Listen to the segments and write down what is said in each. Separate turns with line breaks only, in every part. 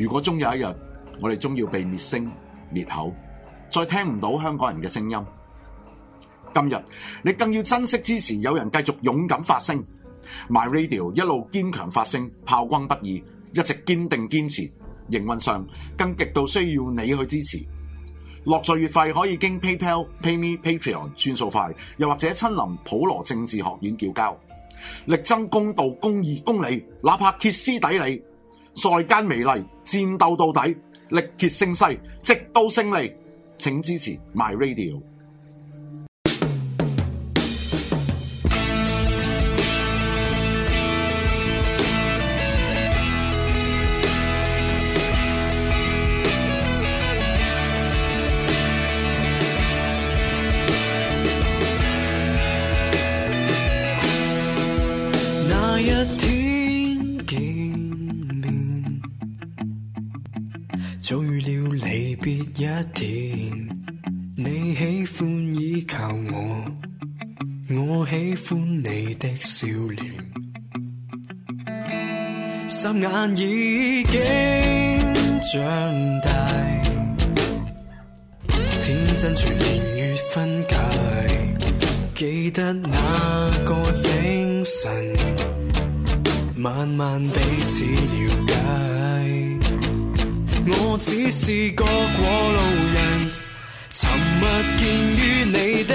如果終有一日，我哋終要被滅聲滅口，再聽唔到香港人嘅聲音。今日你更要珍惜支持，有人繼續勇敢發聲，MyRadio 一路堅強發聲，炮轟不已，一直堅定堅持。營運上更極度需要你去支持。落聚月費可以經 PayPal、PayMe、Patreon 轉數快，又或者親臨普羅政治學院叫交，力爭公道、公義、公理，公理哪怕歇斯底里。再接再厲，戰鬥到底，力竭聲嘶，直到勝利。請支持 My Radio。
心眼已經長大，天真隨年月分解。記得那個清晨，慢慢彼此了解。我只是個過路人，沉默見於你。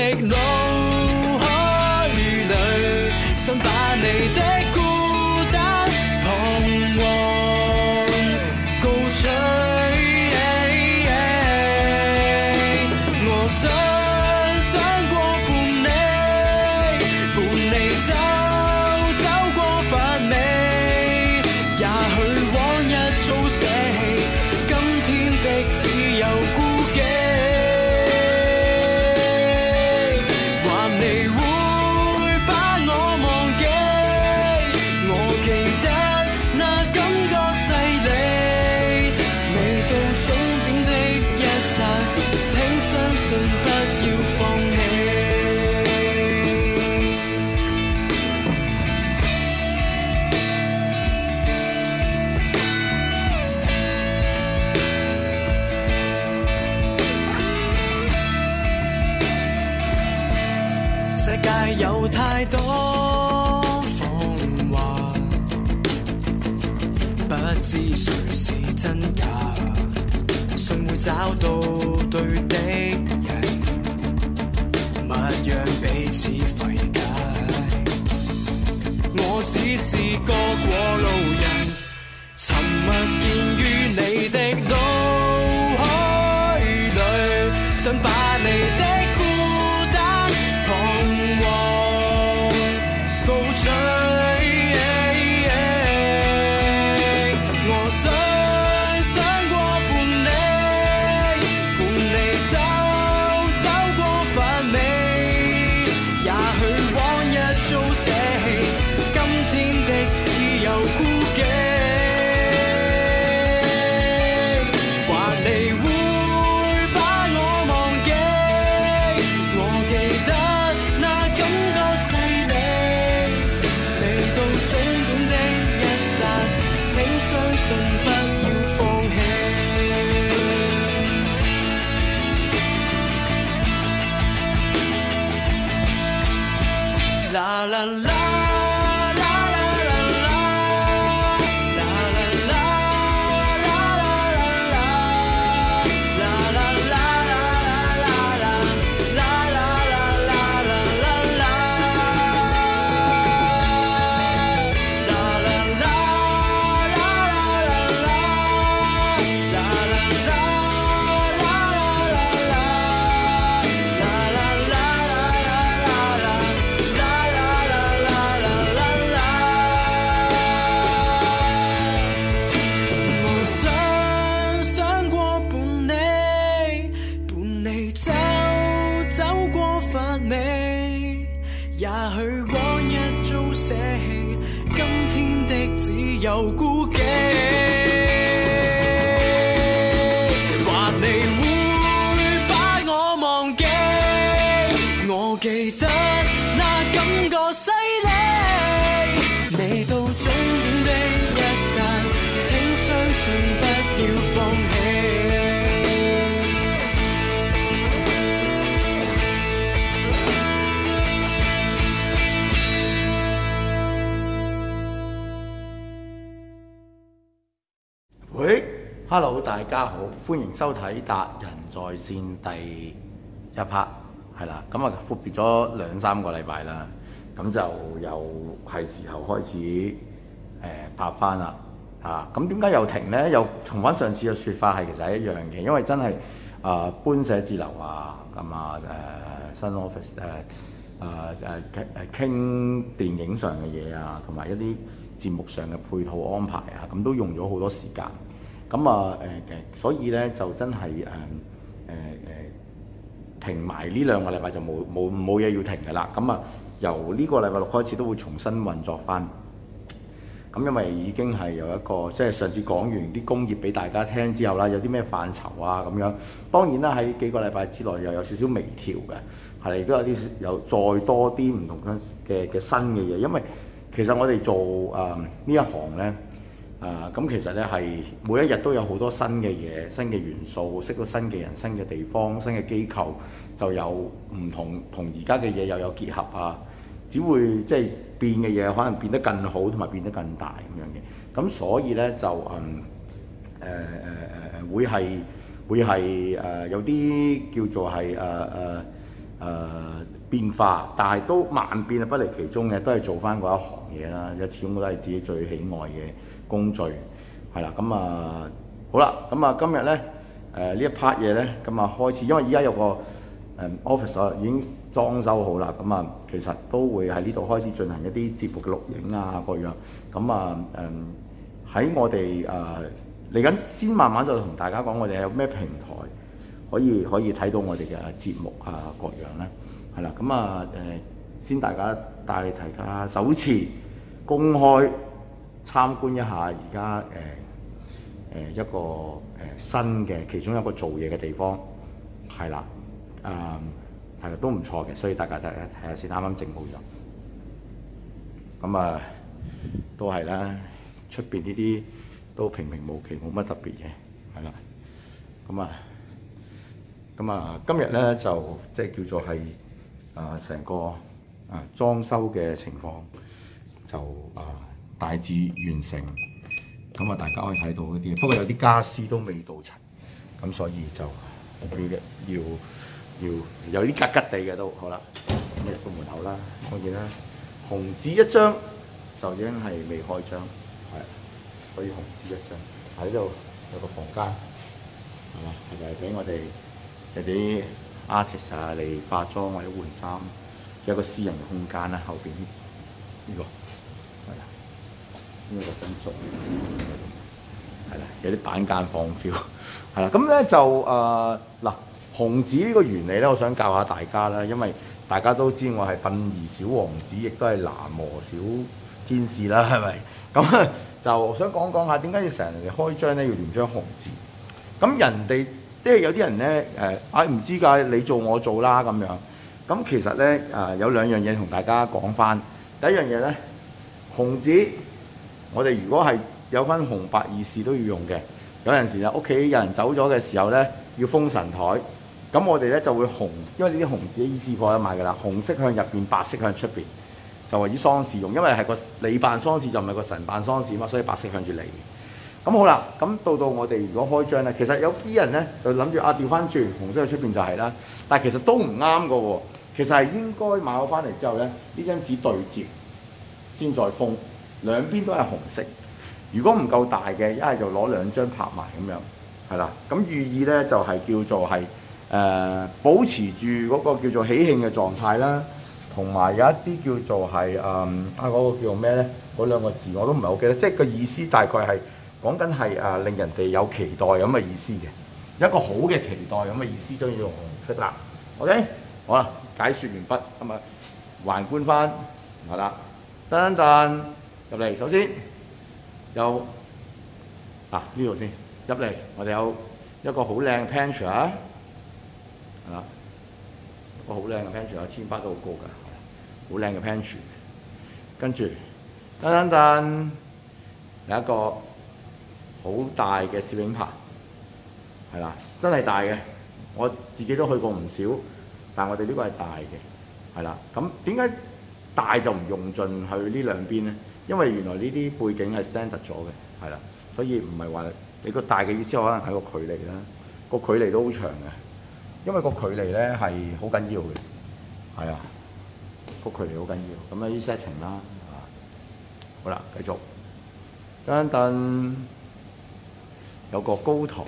太多謊話，不知誰是真假。誰會找到對的人，勿讓彼此費解。我只是個過路人，沉默見。
喂，Hello，大家好，歡迎收睇達仁在線第一 part，係啦，咁啊闊別咗兩三個禮拜啦，咁就又係時候開始誒、呃、拍翻啦嚇，咁點解又停咧？又同翻上次嘅説法係其實係一樣嘅，因為真係啊、呃、搬寫字樓啊，咁啊誒新 office 誒、啊、誒誒、啊、傾、啊、電影上嘅嘢啊，同埋一啲節目上嘅配套安排啊，咁都用咗好多時間。咁啊誒誒，所以咧就真係誒誒誒停埋呢兩個禮拜就冇冇冇嘢要停㗎啦。咁啊，由呢個禮拜六開始都會重新運作返。咁因為已經係有一個即係上次講完啲工業俾大家聽之後啦，有啲咩範疇啊咁樣。當然啦，喺幾個禮拜之內又有少少微調嘅，係亦都有啲有再多啲唔同嘅嘅新嘅嘢。因為其實我哋做誒呢、呃、一行咧。啊，咁、嗯、其實咧係每一日都有好多新嘅嘢、新嘅元素，識到新嘅人、新嘅地方、新嘅機構，就有唔同同而家嘅嘢又有結合啊。只會即係變嘅嘢，可能變得更好同埋變得更大咁樣嘅。咁、嗯、所以咧就嗯誒誒誒會係會係誒、呃、有啲叫做係誒誒誒變化，但係都萬變不離其中嘅，都係做翻嗰一行嘢啦。即始終都係自己最喜愛嘅。工序係啦，咁啊、嗯、好啦，咁、嗯、啊今日咧誒呢、呃、一 part 嘢咧咁啊開始，因為而家有個誒 office 啊已經裝修好啦，咁啊其實都會喺呢度開始進行一啲節目嘅錄影啊各樣，咁啊誒喺我哋啊嚟緊先慢慢就同大家講，我哋有咩平台可以可以睇到我哋嘅節目啊各樣咧，係啦，咁啊誒先大家帶提下，首次公開。參觀一下而家誒誒一個誒新嘅其中一個做嘢嘅地方係啦，啊係、嗯、都唔錯嘅，所以大家睇睇下先入，啱啱整好咗。咁啊，都係啦，出邊呢啲都平平無奇，冇乜特別嘅。係啦。咁啊，咁啊，今日咧就即係、就係、叫做係啊，成個啊裝修嘅情況就啊～大致完成，咁啊大家可以睇到嗰啲，不過有啲家私都未到齊，咁所以就要要，要有啲吉吉地嘅都好啦。咁入到門口啦，當然啦，紅紙一張，就已經係未開張，係的，所以紅紙一張喺度有個房間，係嘛？係咪俾我哋啲 artist 啊嚟化妝或者換衫，有個私人空間啦。後邊呢個。呢個因素係啦，有啲板間放 feel 係啦。咁咧就誒嗱，紅紙呢個原理咧，我想教下大家啦，因為大家都知我係殯儀小王子，亦都係南和小天使啦，係咪？咁就想講一講一下點解要成日開張咧，要連張紅紙。咁人哋即係有啲人咧誒，誒、啊、唔知㗎，你做我做啦咁樣。咁其實咧誒、呃、有兩樣嘢同大家講翻。第一樣嘢咧紅紙。我哋如果係有分紅白二事都要用嘅，有陣時啊屋企有人走咗嘅時候咧，要封神台，咁我哋咧就會紅，因為呢啲紅紙依家紙鋪有買㗎啦，紅色向入邊，白色向出邊，就為之喪事用，因為係個你辦喪事就唔係個神辦喪事嘛，所以白色向住你。咁好啦，咁到到我哋如果開張咧，其實有啲人咧就諗住啊調翻轉，紅色向出邊就係啦，但係其實都唔啱噶喎，其實係應該買好翻嚟之後咧，呢張紙對摺先再封。兩邊都係紅色，如果唔夠大嘅，一係就攞兩張拍埋咁樣，係啦。咁寓意咧就係、係、叫做係誒、呃、保持住嗰個叫做喜慶嘅狀態啦，同埋有，有一啲叫做係誒、嗯、啊嗰、嗰個叫做咩咧？嗰兩個字我都唔係好記得，即係個意思大概係講緊係誒令人哋有期待咁嘅意思嘅，一個好嘅期待咁嘅意思，所以用紅色啦。OK，好啦，解説完畢，咁啊，環觀翻係啦，等等。入嚟，首先有啊呢度先入嚟。我哋有一個好靚 pench，係啦，一個好靚嘅 pench，天花都好高㗎，好靚嘅 pench。Ure, 跟住噔噔噔，有一個好大嘅攝影棚，係啦，真係大嘅。我自己都去過唔少，但係我哋呢個係大嘅，係啦。咁點解大就唔用盡去呢兩邊咧？因為原來呢啲背景係 standard 咗嘅，係啦，所以唔係話你個大嘅意思可能係個距離啦，個距離都好長嘅，因為個距離咧係好緊要嘅，係啊，個距離好緊要，咁啊啲 setting 啦，嚇，好啦，繼續，等等，有個高台，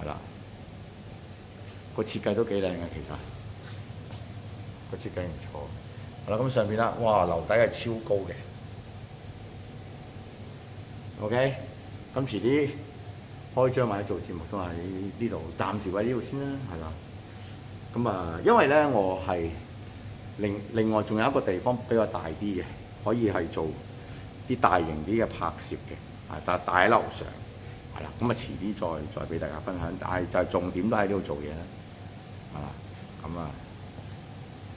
係啦，個設計都幾靚嘅其實，個設計唔錯。啦，咁上邊啦，哇，樓底係超高嘅，OK，咁遲啲開張或者做節目都喺呢度，暫時喺呢度先啦，係嘛？咁啊，因為咧我係另另外仲有一個地方比較大啲嘅，可以係做啲大型啲嘅拍攝嘅，啊，但大喺樓上係啦，咁啊遲啲再再俾大家分享，但係就係重點都喺呢度做嘢啦，係啦，咁啊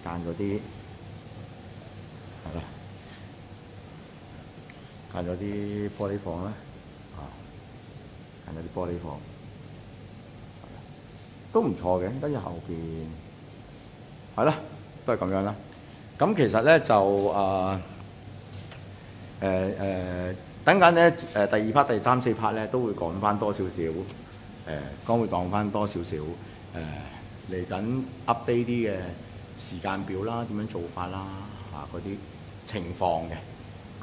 間嗰啲。係啦，近咗啲玻璃房啦，啊，近咗啲玻璃房，都唔錯嘅。跟住後邊，係啦，都係咁樣啦。咁其實咧就誒誒誒，等緊咧誒第二 part、第三四 part 咧，都會講翻多少少、呃、多少少誒，剛會講翻多少少誒嚟緊 update 啲嘅。時間表啦，點樣做法啦，嚇嗰啲情況嘅，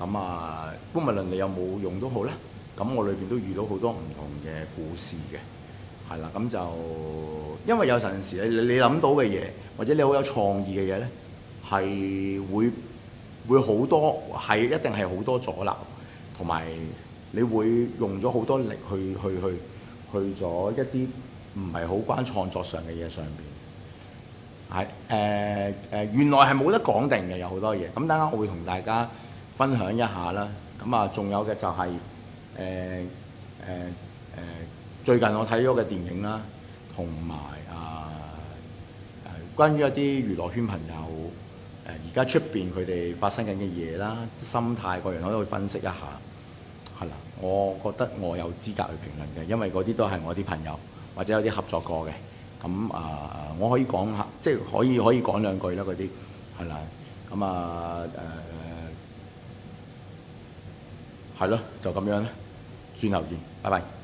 咁啊，無論你有冇用都好啦。咁我裏邊都遇到好多唔同嘅故事嘅，係啦，咁就因為有陣時你你諗到嘅嘢，或者你好有創意嘅嘢呢，係會會好多係一定係好多阻撓，同埋你會用咗好多力去去去去咗一啲唔係好關創作上嘅嘢上面。係誒誒原來係冇得講定嘅，有好多嘢。咁等陣我會同大家分享一下啦。咁啊、就係，仲有嘅就係誒誒誒最近我睇咗嘅電影啦，同埋啊誒關於一啲娛樂圈朋友誒而家出面佢哋發生緊嘅嘢啦，心態個人可以去分析一下。係啦，我覺得我有資格去評論嘅，因為嗰啲都係我啲朋友或者有啲合作過嘅。咁啊，我可以講下，即係可以可以講兩句啦，嗰啲係啦。咁啊誒，係咯，就咁樣啦，轉頭見，拜拜。